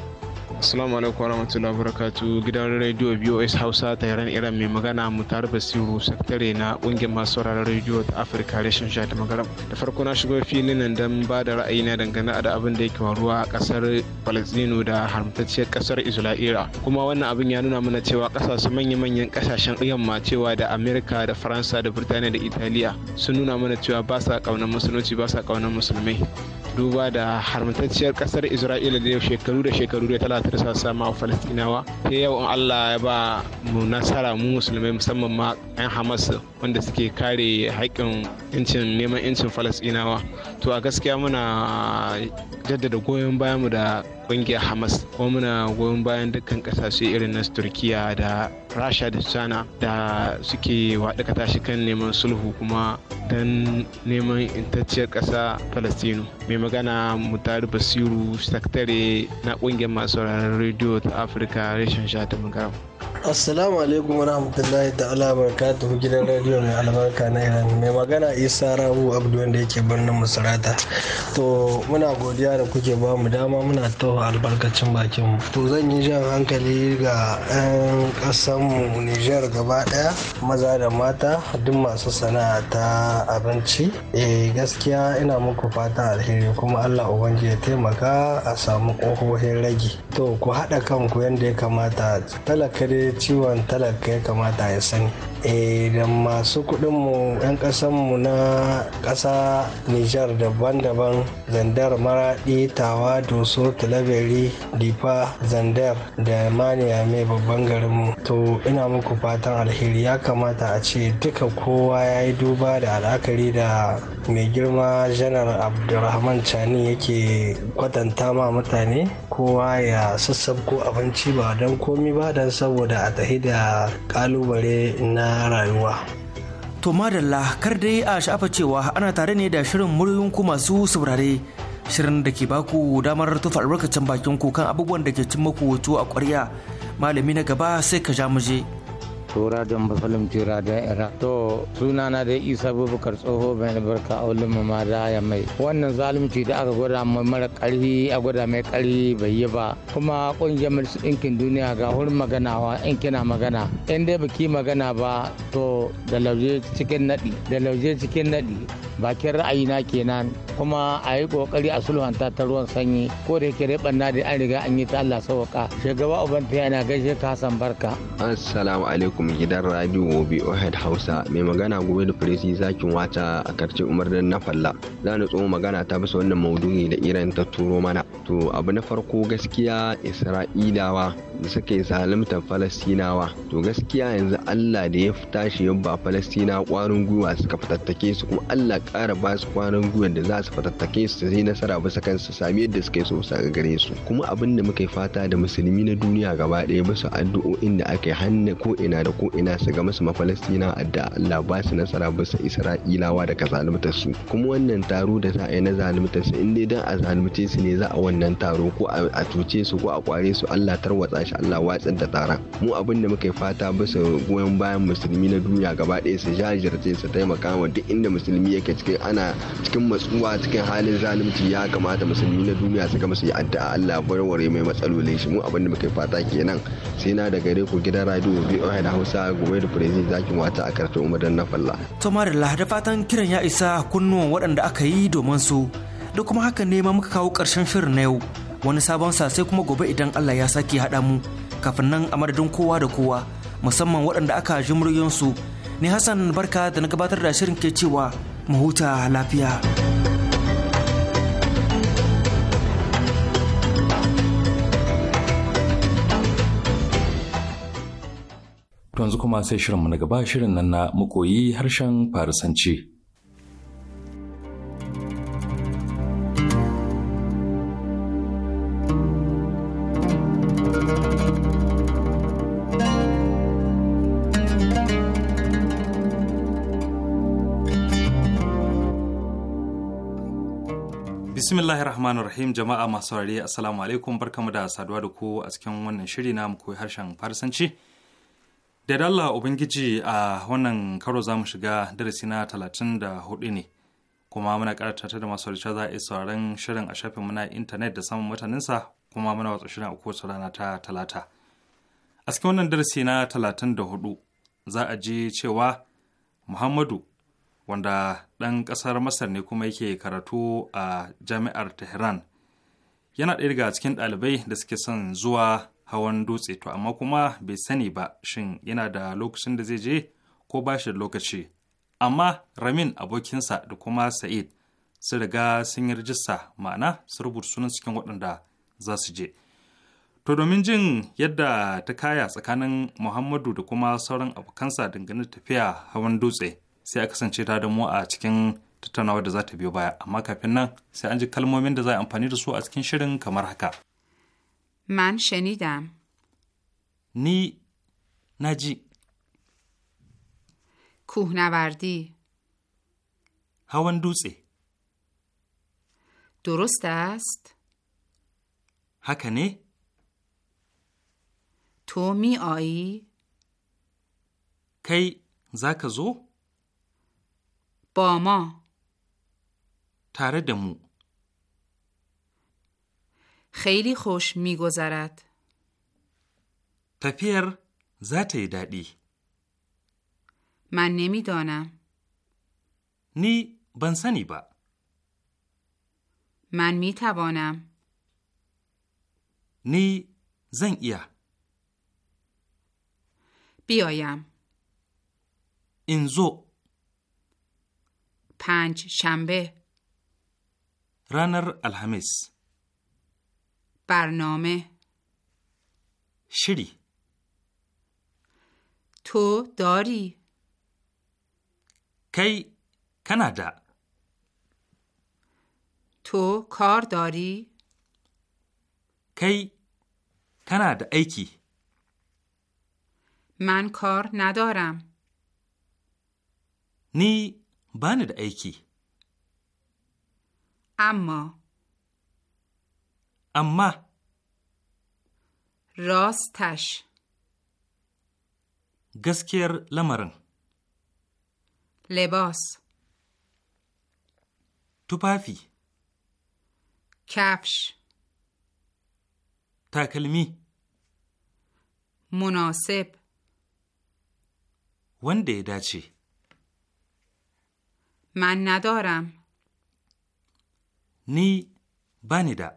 Assalamu alaikum warahmatullahi wabarakatu gidan rediyo BOS Hausa ta Iran Iran mai magana mu Mutar Basiru sakatare na kungiyar masu sauraron rediyo ta Afirka Rashin Sha ta Magaram. Da farko na shigo filin nan don ba da ra'ayi na dangane da abin da yake faruwa a kasar Palestino da haramtacciyar kasar Isra'ila. Kuma wannan abin ya nuna mana cewa kasashen manya-manyan kasashen yamma cewa da Amerika da Faransa da Birtaniya da Italiya sun nuna mana cewa ba sa kaunar musulunci ba sa kaunar musulmai. duba da harmatacciyar kasar isra'ila da yau shekaru da shekaru da talatin sa sama a falastinawa ta yau in allah ya ba mu nasara mu musulmai musamman ma 'yan hamas wanda suke kare haƙƙin yancin neman yancin falastinawa to a gaskiya muna jaddada goyon mu da kungiyar hamas kuma muna goyon bayan dukkan kasashe irin na turkiya da rasha da sana da suke waɗaka tashi kan neman sulhu kuma don neman intacciyar ƙasa palestino mai magana mutar basiru sakatare na kungiyar masu sauraron rediyo ta africa reshen sha ta magaram assalamu alaikum warahmatullahi ta'ala barakatuhu gidan rediyo mai albarka na iran mai magana isa rabu abdu wanda yake birnin musarata to muna godiya da kuke ba mu dama muna taho tofa albarkacin bakin to zan yi jan hankali ga 'yan ƙasanmu nijar gaba ɗaya maza da mata duk masu sana'a ta abinci eh gaskiya ina muku fata alheri kuma allah ubangiji ya taimaka a samu ƙofofin rage to ku haɗa kanku yadda ya kamata talaka dai ciwon talaka ya kamata ya sani Eh, da masu kudinmu 'yan kasanmu na ƙasa nijar daban-daban zandar maraɗi tawa doso talabari difa zandar da maniya mai babban garinmu to ina muku fatan alheri ya kamata a ce duka kowa ya yi duba da al'akari da mai girma janar abdulrahman chani yake kwatanta ma mutane kowa ya sassabko abinci ba don komi ba don saboda a tahi da kalubale na rayuwa. To madalla kar dai a sha'afa cewa ana tare ne da shirin muryoyin masu saurare shirin da ke baku damar tufa albarkacin bakin ku kan abubuwan da ke cin maku wato a ƙwarya malami na gaba sai ka ja muje. tora don basalim tira da ira to suna da isa bubukar tsoho bayan barka aulin ma da ya mai wannan zalunci da aka gwada mai mara karfi a gwada mai karfi bai yi ba kuma kungiyar majalisar ɗinkin duniya ga hurin maganawa in kina magana in dai baki magana ba to da lauje cikin naɗi da lauje cikin naɗi bakin ra'ayina kenan kuma a yi kokari a sulhanta ta ruwan sanyi ko da yake dai banna da an riga an yi ta Allah sauka shugaba uban ta yana gaishe ka Hassan barka assalamu alaikum gidan radio ohed Hausa mai magana gobe da farisi zakin wata a karshe Umar dan na falla. Za na tsohon magana ta bisa wannan maudu'i da Iran ta turo mana. To abu na farko gaskiya Isra'ilawa da suka yi zalimtar Falastinawa. To gaskiya yanzu Allah da ya tashi ya ba Falastina kwarin gwiwa suka fatattake su kuma Allah kara ba su kwarin gwiwa da za su fatattake su zai nasara bisa kansu sami yadda suka yi so ga gare su. Kuma abin da muka yi fata da musulmi na duniya gaba ɗaya bisa addu'o'in da aka yi hannu ko ina da ko ina su ga musu mafalastina adda Allah ba nasara bisa Isra'ilawa da ka su kuma wannan taro da za a yi na zalunta su in dan a zalunce su ne za a wannan taro ko a cuce su ko a kware su Allah tarwatsa shi Allah watsar da tsara mu abin da muka fata bisa goyon bayan musulmi na duniya gaba ɗaya su jajirce su taimaka wa duk inda musulmi yake cikin ana cikin matsuwa cikin halin zalunci ya kamata musulmi na duniya su ga musu yi addu'a Allah warware mai matsalolin shi mu abin da muka fata kenan sai na da gare ku gidan radio BOI da hausa gobe da furezi zakin wata a karatun umarnin na falla. toma da lahadi fatan kiran ya isa kunnuwan waɗanda aka yi domin su da kuma haka ne ma muka kawo ƙarshen shirin na yau wani sabon sa sai kuma gobe idan allah ya sake haɗa mu kafin nan a madadin kowa da kowa musamman waɗanda aka ji muryoyinsu ne hassan barka da na gabatar da shirin ke cewa mu huta lafiya. To yanzu kuma sai shirinmu na gaba shirin nan na mukoyi harshen Farisanci. rahim jama'a masu saurari assalamu alaikum barkamu da saduwa da ku a cikin wannan shiri na mu harshen Farisanci. da Allah Ubangiji a wannan karo za mu shiga darasi na talatin da hudu ne, kuma muna karatata da masu za a yi sauran shirin a shafin muna intanet da samun mutaninsa kuma muna watsa shirin a kowace rana ta talata. A cikin wannan darasi na talatin da hudu za a ji cewa Muhammadu wanda ɗan ƙasar Masar ne kuma yake karatu a jami'ar Tehran yana ɗaya daga cikin ɗalibai da suke son zuwa hawan dutse to amma kuma bai sani ba shin yana da lokacin da zai je ko ba shi da lokaci amma ramin abokinsa da kuma sa'id sun riga sun yi rajista ma'ana su rubuta sunan cikin waɗanda za su je to domin jin yadda ta kaya tsakanin muhammadu da kuma sauran abokansa dangane da tafiya hawan dutse sai a kasance ta da mu a cikin tattaunawa da za ta biyo baya amma kafin nan sai an ji kalmomin da za a amfani da su a cikin shirin kamar haka من شنیدم نی نجی کوهنوردی هوان دوزه درست است؟ هکنه تو می آیی؟ کی زکزو؟ با ما تردمو خیلی خوش میگذرد. تپیر زت دادی. من نمیدانم. نی بنسنی با. من می توانم. نی زن ایا. بیایم. انزو. پنج شنبه. رانر الهمیس. برنامه شری تو داری کی کانادا تو کار داری کی کانادا ایکی من کار ندارم نی بند ایکی اما اما راستش گسکر لمرن لباس توپافی کفش تاکلمی مناسب wanda ya dace. Man na Ni ba ni da.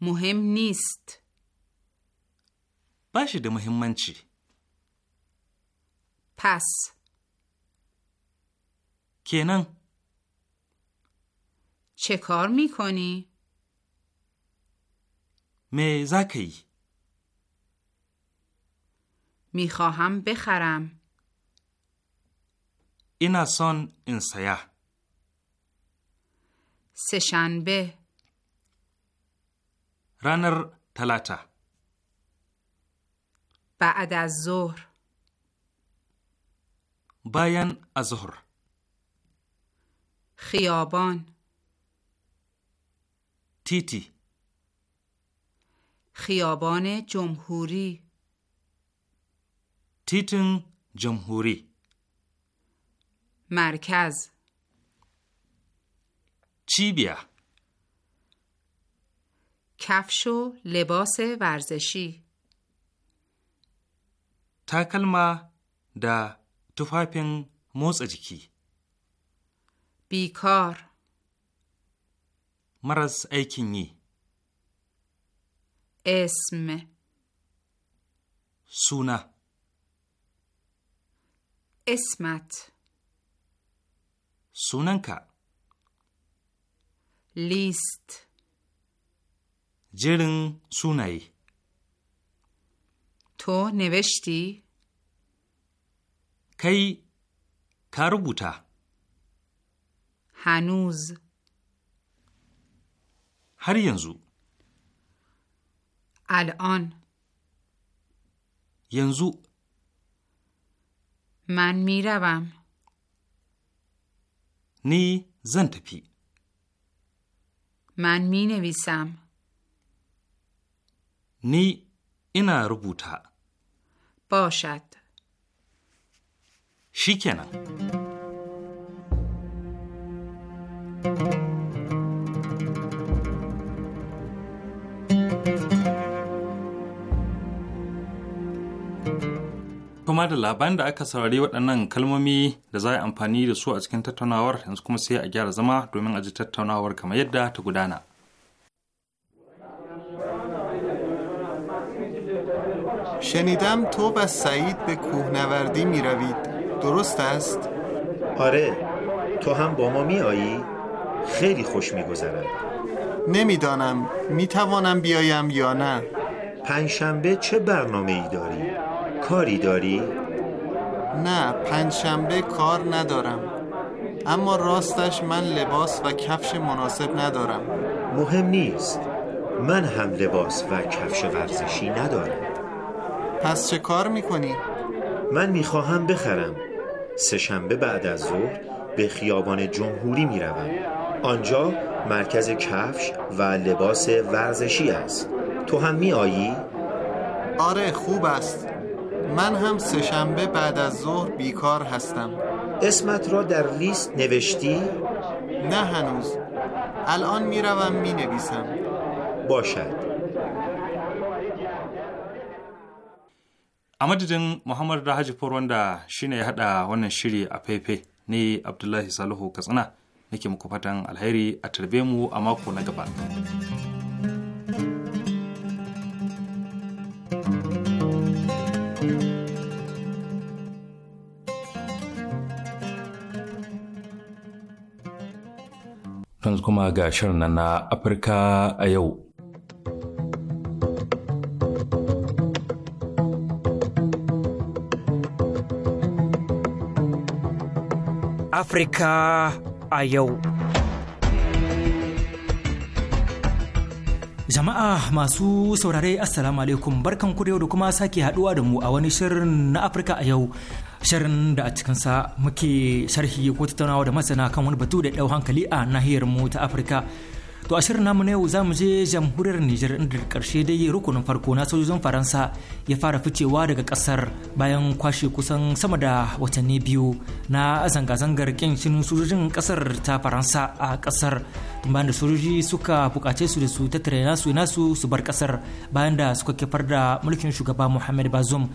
مهم نیست باشه ده چی؟ پس کنن چه کار میکنی؟ می میخواهم بخرم اینا این انسیه سشنبه رانر تلاتا بعد از ظهر باین از ظهر خیابان تیتی خیابان جمهوری تیتن جمهوری مرکز چی بیا کفش و لباس ورزشی تاکلما دا توفاپین موز اجکی بیکار مرز ایکینی اسم سونا اسمت سوننکا لیست جرن سونای تو نوشتی؟ کی کاربوتا هنوز هر ینزو الان ینزو من میروم نی زن پی من می نویسم ni ina rubuta باشد شیکنه kuma da labarin da aka saurari waɗannan kalmomi da za a yi amfani da su a cikin tattaunawar yanzu kuma sai a gyara zama domin a ji tattaunawar kamar yadda ta gudana. شنیدم تو و سعید به کوهنوردی می روید درست است؟ آره تو هم با ما می آیی؟ خیلی خوش می گذرد نمیدانم می توانم بیایم یا نه پنجشنبه چه برنامه ای داری؟ کاری داری؟ نه پنجشنبه کار ندارم اما راستش من لباس و کفش مناسب ندارم مهم نیست من هم لباس و کفش ورزشی ندارم پس چه کار میکنی؟ من میخواهم بخرم سهشنبه بعد از ظهر به خیابان جمهوری میروم آنجا مرکز کفش و لباس ورزشی است تو هم آیی؟ آره خوب است من هم سهشنبه بعد از ظهر بیکار هستم اسمت را در لیست نوشتی؟ نه هنوز الان میروم نویسم باشد a madadin muhammadu da haji wanda shine ya haɗa wannan shiri a faifai ne abdullahi salihu katsina nake muku fatan alheri a tarbe mu a mako na gaba. kuma ga shirin na Afirka a yau. Afirka a yau. Jama'a masu saurare Assalamu alaikum barkan ku da yau da kuma sake haduwa da mu a wani shirin na Afirka a yau. Shirin da a cikinsa muke sharhi ko tattaunawa da masana kan wani batu da ɗau hankali a nahiyar mu ta Afirka. To a shirin namu na yau za mu je jamhuriyar Nijar inda da karshe dai rukunin farko na sojojin Faransa ya fara ficewa daga kasar bayan kwashe kusan sama da watanni biyu na zanga-zangar kin shinin sojojin kasar ta Faransa a kasar bayan da sojoji suka bukace su da su tattare nasu nasu su bar kasar bayan da suka kifar da mulkin shugaba Muhammad Bazoum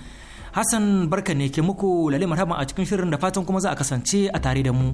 Hassan barka ne ke muku lalle marhaba a cikin shirin da fatan kuma za a kasance a tare da mu.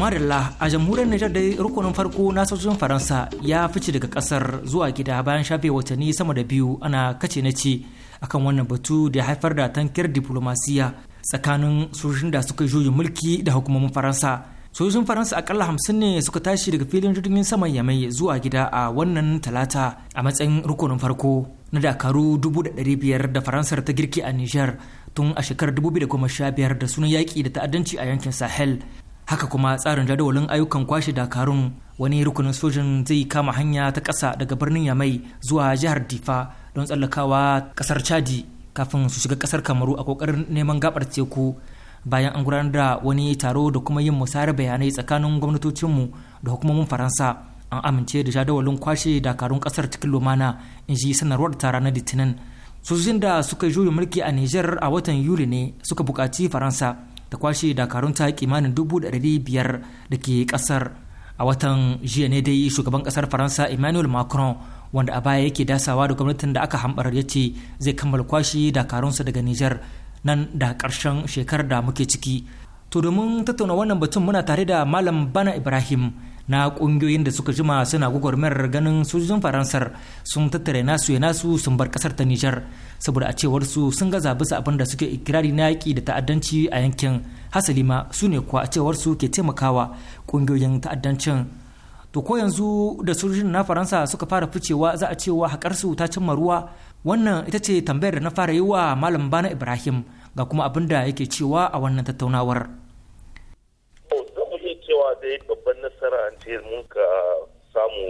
Somalia a jamhuriyar Nijar da rukunin farko na sojojin Faransa ya fice daga kasar zuwa gida bayan shafe watanni sama da biyu ana kace na ce akan wannan batu da haifar da tankiyar diplomasiya tsakanin sojojin da suka juyi mulki da hukumomin Faransa. Sojojin Faransa akalla hamsin ne suka tashi daga filin jirgin saman Yamai zuwa gida a wannan talata a matsayin rukunin farko na dakaru dubu da biyar da Faransar ta girki a Nijar tun a shekarar biyar da sunan yaƙi da ta'addanci a yankin Sahel. haka kuma tsarin jadawalin ayyukan kwashe dakarun wani rukunin sojin zai kama hanya ta ƙasa daga birnin yamai zuwa jihar difa don tsallakawa kasar chadi kafin su shiga ƙasar kamaru a ƙoƙarin neman gabar teku bayan an gudanar da wani taro da kuma yin musayar bayanai tsakanin gwamnatocinmu da hukumomin faransa an amince da jadawalin kwashe dakarun kasar cikin lumana in ji sanarwar tara na litinin sojojin da suka yi mulki a nijar a watan yuli ne suka buƙaci faransa ta kwashe dakarunta kimanin dubu da biyar da ke kasar a watan jiya ne dai shugaban kasar faransa emmanuel macron wanda a baya yake dasawa da gwamnatin da aka hambar ya ce zai kammala kwashe dakarunsa daga niger nan da karshen shekarar da muke ciki to domin tattauna wannan batun muna tare da malam bana ibrahim na kungiyoyin da suka jima suna gwagwarmayar ganin sojojin faransar sun tattare nasu ya nasu sun bar kasar ta nijar saboda a cewar su sun gaza bisa abin da suke ikirari na yaƙi da ta'addanci a yankin hasali ma su ne kuwa a cewar su ke taimakawa kungiyoyin ta'addancin to ko yanzu da sojojin na faransa suka fara ficewa za a cewa haƙar su ta cimma ruwa wannan ita ce tambayar da na fara yi wa malam bana ibrahim ga kuma abin da yake cewa a wannan tattaunawar dai babban nasara an ce mun ka samu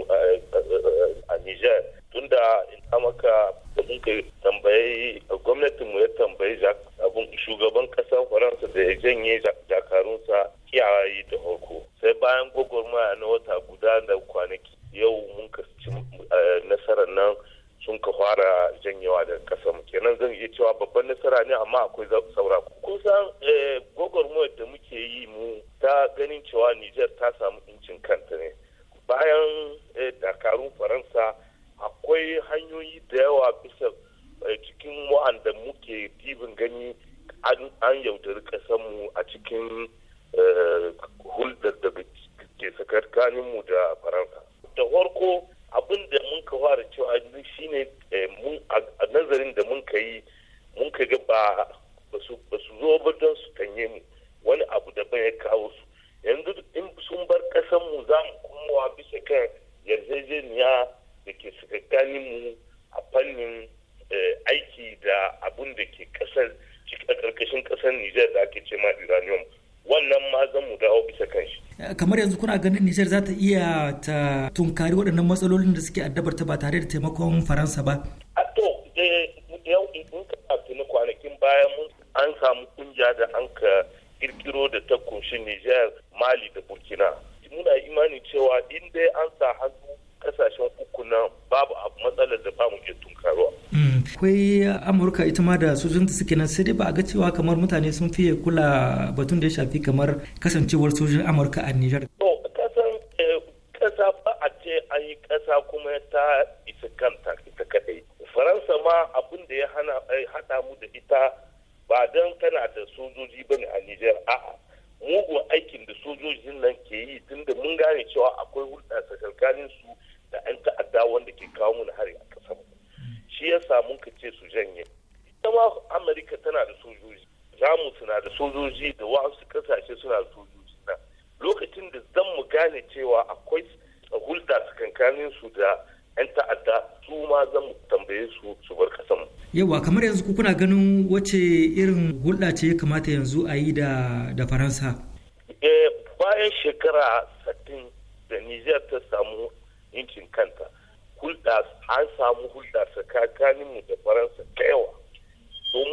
a Nijar tunda in ta maka da mun ka tambayi gwamnatin mu ya tambayi abun shugaban kasa Faransa da ya janye jakarunsa kiyaye da hoko sai bayan gwagwarmaya na wata guda da kwanaki yau mun ka ci nasarar nan sun ka fara janyewa daga kasar mu kenan zan iya cewa babban nasara ne amma akwai saura kusan eh, gwagwarmayar da muke yi mu ta ganin cewa Nijar ta samu incin kanta ne bayan eh, dakarun faransa akwai hanyoyi da yawa bisa eh, cikin wa'anda muke dibin gani an yaudari mu a cikin hulɗar da ke mu da faransa da farko abin da mun ka fara cewa shi ne eh, a nazarin da mun ka yi mun ka ga ba ba su zo ba don su tanye mu wani abu da ya kawo su yanzu in sun bar kasan mu za mu kuma bisa kan yarjejeniya da ke gani mu a fannin eh, aiki da abun da ke kasar cikin karkashin ƙasar Nijar da ake ce ma uranium wannan ma zan mu dawo bisa kan shi kamar yanzu kuna ganin nijar za ta iya ta tunkari waɗannan matsalolin da suke addabar ta ba tare da taimakon faransa ba a to eh, yau in ka tuni kwanakin bayan mun an samu kunja da an ka kirkiro da ta kunshi nijar mali da burkina muna imani cewa in dai an sa hannu kasashen uku na babu matsalar da bamu je ke tunkaruwa. Mm. akwai amurka ita ma da sojojinta suke nan sai dai ba a ga cewa kamar mutane sun fiye kula batun da ya shafi kamar kasancewar sojojin amurka a nijar. kasan eh, kasa ba a ce an yi kasa kuma ta isa kanta ita kadai faransa ma abin da ya hada eh, mu da ita ba don tana da sojoji ba bane a nijar a'a mugun aikin da sojojin nan ke yi tunda mun gane cewa akwai hulɗa tsakanin su da 'yan ta'adda wanda ke kawo mun hari a ƙasar shi ya samu ka ce su janye ita ma amurka tana da sojoji jamus na da sojoji da wasu ƙasashe suna da sojoji na lokacin da zan mu gane cewa akwai hulɗa tsakankanin su da 'yan ta'adda su ma zan mu tambaye su su bar kasanmu. Yawa kamar yanzu ku kuna ganin wace irin hulɗa ce ya kamata yanzu a yi da, da Faransa? Eh, bayan shekara 60 da Nijar ta samu yankin kanta hulɗa an samu hulɗa tsakaninmu da faransa da yawa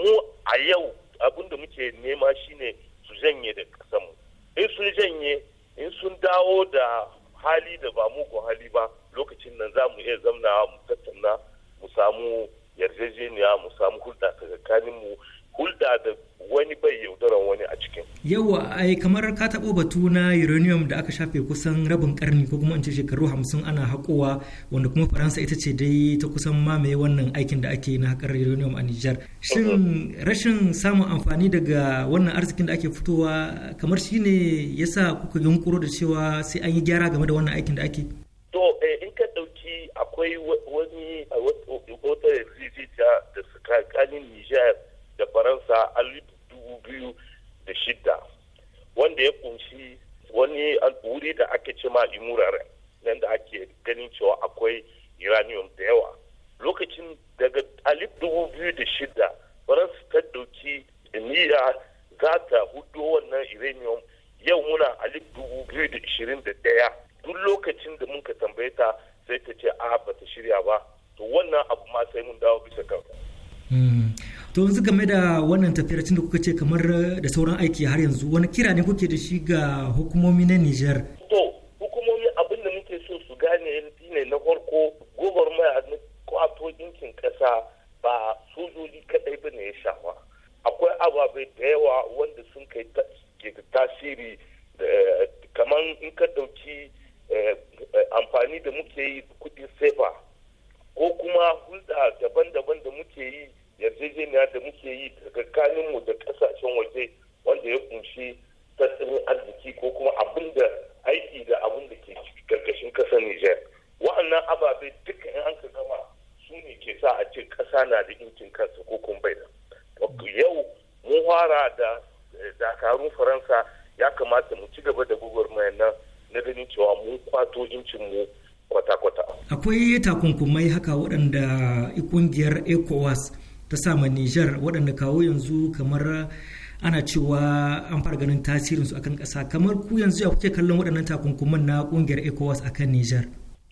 mu a yau abin da muke nema shine su janye da kasanmu in sun janye in sun dawo da hali da ba mu hali ba lokacin nan za mu iya zamnawa mu tattauna mu samu yarjejeniya mu samu hulɗa tsakaninmu hulɗa da wani bai yaudaran wani a cikin. Yawa ai kamar ka taɓo batu na uranium da aka shafe kusan rabin karni ko kuma in ce shekaru hamsin ana haƙowa wanda kuma Faransa ita ce dai ta kusan mamaye wannan aikin da ake na haƙar uranium a Nijar. Shin mhm. rashin samun amfani daga wannan arzikin da ake fitowa kamar shi ne ya sa kuka yunƙuro da cewa sai an yi gyara game da wannan aikin da ake? To eh, in ka ɗauki akwai wani wata yarjejiya da tsakanin Nijar da faransa a dubu biyu da shida wanda ya kunshi wani wuri da ake ce ma imurare nan da ake ganin cewa akwai uranium da yawa lokacin daga alif dubu biyu da shida faransa ta dauki niyya za ta hudu wannan uranium yau muna a dubu biyu da ishirin da daya duk lokacin da muka tambaye ta sai ta ce a ba ta shirya ba to wannan abu ma sai mun dawo bisa kanka. Hmm. to yanzu game da wannan tafiyar da kuka ce kamar da sauran aiki har yanzu wani kira ne kuke da shi ga hukumomi na Nijar? To hukumomi abin da muke so su gane ne na farko gwagwarmaya na kwato ɗinkin ƙasa ba sojoji kaɗai ba ne ya shafa. Akwai ababe da yawa wanda sun kai tasiri eh, kamar in ka ɗauki eh, amfani da muke yi kuɗin sefa ko kuma hulɗa daban-daban da muke yi yarjejeniya da muke yi tsakaninmu da kasashen waje wanda ya kunshi tattalin arziki ko kuma abin da aiki da abin da ke karkashin kasar Nijar. Wa'annan ababe duka in an ka gama su ne ke sa a ce kasa na da incin kansa ko kuma bai da. Yau mun fara da eh, dakarun Faransa ya kamata mu ci gaba da gwagwarmayar nan na ganin cewa mun kwato incin mu kwata-kwata. Akwai takunkumai haka waɗanda ƙungiyar ECOWAS ta sama Nijar waɗanda kawo yanzu kamar ana cewa an fara ganin tasirin su akan ƙasa kamar ku yanzu ya kuke kallon waɗannan takunkuman na ƙungiyar ECOWAS akan Nijar.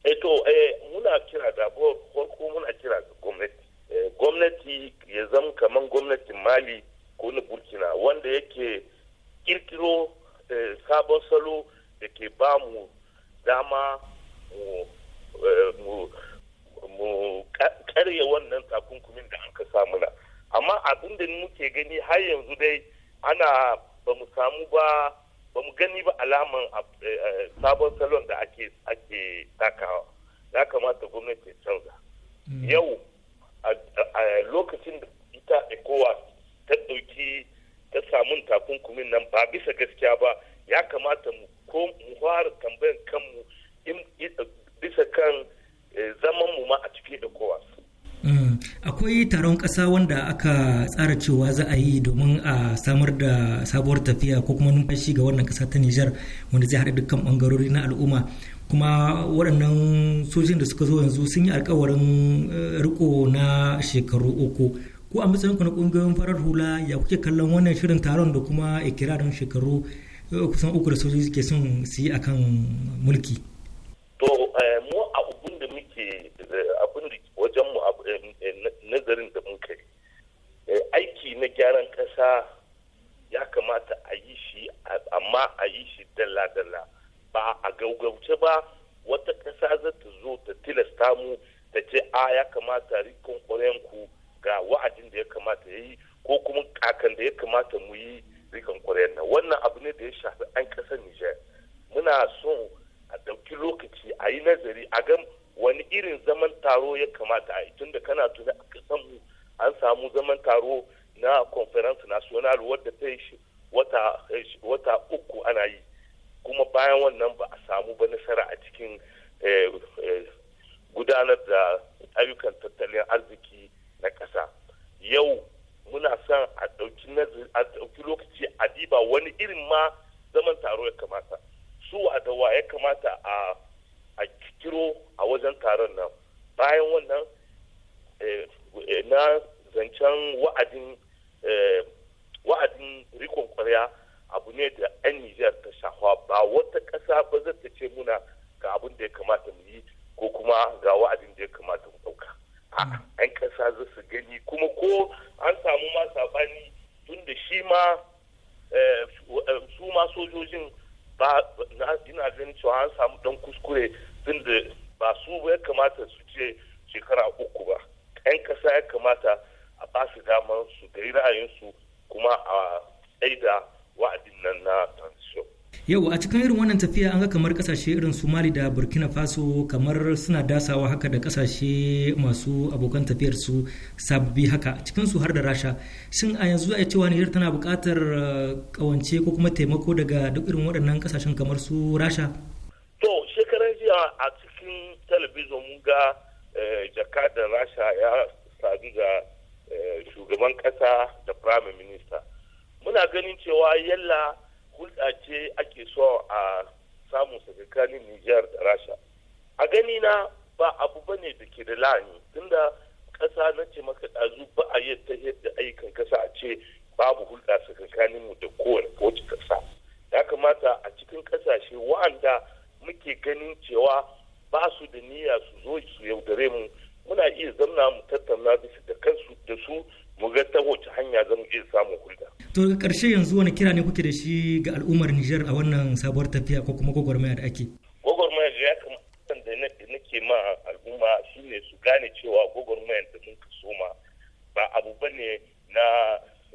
Eto eh eh, muna kira da farko muna kira ga gwamnati. Eh, gwamnati ya zama kamar gwamnatin Mali ko na Burkina wanda yake kirkiro sabon salo da ke ba mu dama mu mu karya wannan takunkumin da aka samu mana amma abin da muke gani har yanzu dai ana ba mu samu ba ba mu gani ba alaman eh, eh, sabon salon da ake ake takawa ya kamata gwamnati canza mm. yau a lokacin da ita ekowa ta ɗauki ta samun takunkumin nan ba bisa gaskiya ba ya kamata mu ko mu fara tambayan kanmu bisa kan Eh, zaman mu ma a cikin ECOWAS. Mm. Akwai taron ƙasa wanda aka tsara cewa za a yi domin a samar da sabuwar tafiya ko kuma numfashi ga wannan ƙasa ta Nijar wanda zai haɗa dukkan ɓangarori na al'umma. Kuma waɗannan sojin da suka zo yanzu sun yi alkawarin eh, riko na shekaru uku. Ko a matsayinku na ƙungiyoyin farar hula ya kuke kallon wannan shirin taron da kuma ikirarin shekaru eh, kusan uku da sojoji ke son su yi akan mulki. To mu aiki na gyaran kasa ya kamata a yi shi amma a yi shi dalla-dalla ba a gaugauce ba wata kasa za ta zo ta tilasta mu ta ce a ya kamata rikon ku ga wa'adin da ya kamata ya yi ko kuma kakan da ya kamata mu yi rikon ƙwaryen nan wannan abu ne da ya shafi an ƙasar nijar muna so a ɗauki lokaci a yi nazari a ga wani irin zaman taro ya kamata a yi tun da kana tuni a ƙasar mu an samu zaman taro na conference national wadda ta yi wata uku ana yi kuma bayan wannan ba a samu ba nasara a cikin eh, eh, gudanar da ayyukan tattalin arziki na ƙasa yau muna son a ɗauki lokaci a diba wani irin ma zaman taro ya kamata su adawa ya kamata a kiro a wajen taron nan bayan wannan eh, na zancen wa'adin Eh, wa'adin rikon kwarya abu ne da 'yan Nijar ta shahwa ba wata ƙasa ba zai ta ce muna ga abin da ya kamata mu yi ko kuma ga wa'adin da ya kamata mu ɗauka. A'a, mm. ƙasa za su gani kuma ko an samu ma saɓani tun da shi ma eh, eh, su ma sojojin ba ina ganin cewa an samu ɗan kuskure tun da ba su ya kamata su ce shekara uku ba. 'Yan ƙasa ya kamata a ba su damar su da ra'ayinsu kuma a tsaida wa'adin nan na transition yau a cikin irin wannan tafiya an ga kamar kasashe irin somali da burkina faso kamar suna dasawa haka da kasashe masu abokan tafiyar su sabbi haka cikin su har da rasha shin a yanzu a cewa niger tana buƙatar kawance uh, ko kuma taimako daga duk irin waɗannan kasashen kamar su rasha to shekaran jiya a cikin talabijin mun ga eh, da rasha ya sadu da Eh, shugaban ƙasa da prime minister muna ganin cewa yalla hulɗa ce ake so a samun tsakanin niger da rasha a gani na ba abu ba ne da ke da la'ani tunda ƙasa na ce maka ɗazu ba a yi ta yadda ayyukan ƙasa a ce babu hulɗa tsakanin mu da kowane kowace ƙasa ya kamata a cikin ƙasashe wa'anda muke ganin cewa ba su da niyya su zo su yaudare mu muna iya zamna mu tattauna bisa da kansu da su mu ga ta wace hanya zamu iya samun hulɗa. To ƙarshe yanzu wani kira ne kuke da shi ga al'ummar Nijar a wannan sabuwar tafiya ko kuma gwagwarmaya da ake? Gwagwarmaya da ya kamata da nake ma al'umma shine su gane cewa gwagwarmaya da mun kaso ma ba abu ba ne na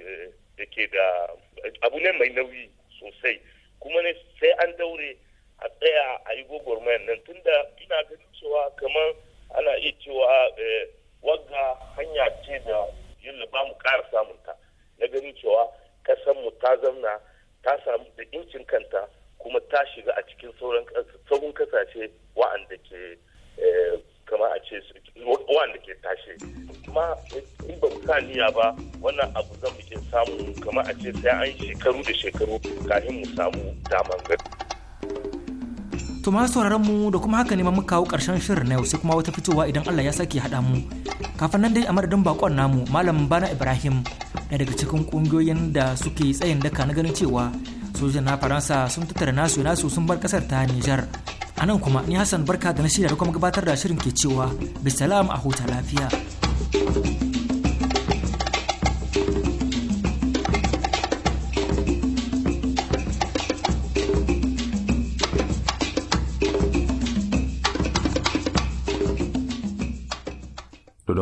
eh, da ke da abu ne mai nauyi sosai kuma ne sai an daure a tsaya a yi gwagwarmayar nan tunda ina ganin cewa kamar ana iya cewa eh, wagga hanya ce da yin ba mu ƙara samun ta na ganin cewa mu ta zamna ta samu da incin kanta kuma ta shiga a cikin sauran kasashe wa'anda ke eh, kama a ce wa'anda ke tashe kuma in ba sa niyya ba wannan abu zan iya samu kama a ce sai an shekaru da shekaru kafin mu samu damar gari. To ma sauraron mu da kuma haka ne ma muka kawo ƙarshen shirin na yau sai kuma wata fitowa idan Allah ya sake haɗa mu. Kafin nan dai a madadin bakon namu Malam Bana Ibrahim ɗaya daga cikin ƙungiyoyin da suke tsayin daka na ganin cewa sojan na Faransa sun tattara nasu nasu sun bar ƙasar ta Nijar. A nan kuma ni Hassan Barka da na shirya da kuma gabatar da shirin ke cewa bisalam a huta lafiya.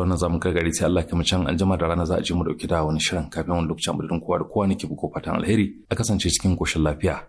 da wannan zamu kai gari sai Allah kuma can anjima da rana za a ji mu dauki da wani shirin kafin wani lokacin mu kowa da kowa nake buko fatan alheri a kasance cikin koshin lafiya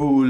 cool